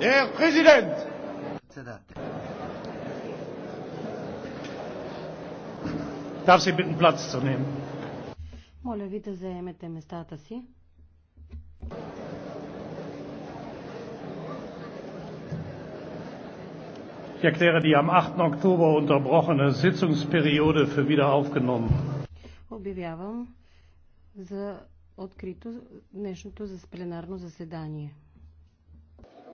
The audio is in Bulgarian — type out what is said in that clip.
Herr Präsident! Darf Sie bitten, Platz zu nehmen? Моля ви да заемете местата си. Ich erkläre die am 8. Oktober unterbrochene Sitzungsperiode für wieder aufgenommen. Обявявам за открито днешното за пленарно заседание.